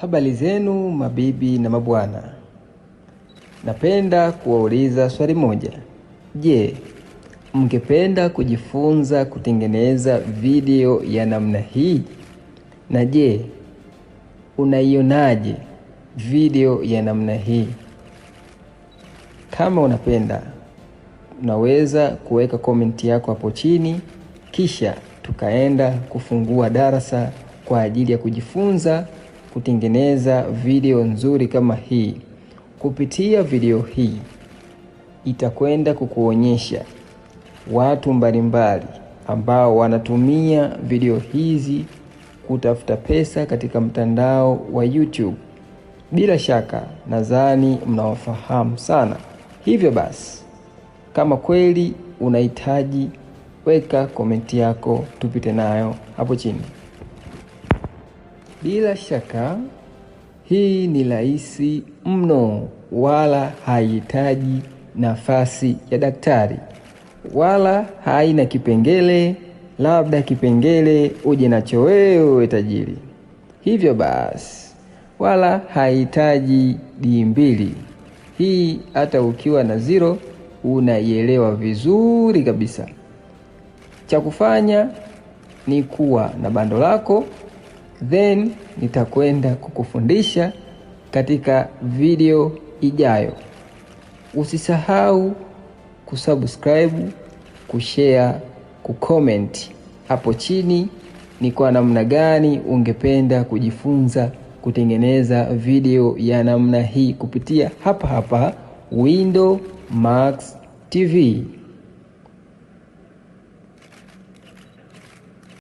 Habari zenu mabibi na mabwana, napenda kuwauliza swali moja. Je, mngependa kujifunza kutengeneza video ya namna hii? Na je, unaionaje video ya namna hii? Kama unapenda unaweza kuweka komenti yako hapo chini, kisha tukaenda kufungua darasa kwa ajili ya kujifunza kutengeneza video nzuri kama hii. Kupitia video hii itakwenda kukuonyesha watu mbalimbali ambao wanatumia video hizi kutafuta pesa katika mtandao wa YouTube. Bila shaka nadhani mnawafahamu sana. Hivyo basi, kama kweli unahitaji, weka komenti yako tupite nayo hapo chini. Bila shaka hii ni rahisi mno, wala haihitaji nafasi ya daktari, wala haina kipengele, labda kipengele uje nacho wewe tajiri. Hivyo basi, wala haihitaji dii mbili. Hii hata ukiwa na zero unaielewa vizuri kabisa. Cha kufanya ni kuwa na bando lako then nitakwenda kukufundisha katika video ijayo. Usisahau kusubscribe, kushare, kucomment hapo chini ni kwa namna gani ungependa kujifunza kutengeneza video ya namna hii kupitia hapa hapa Window Max TV.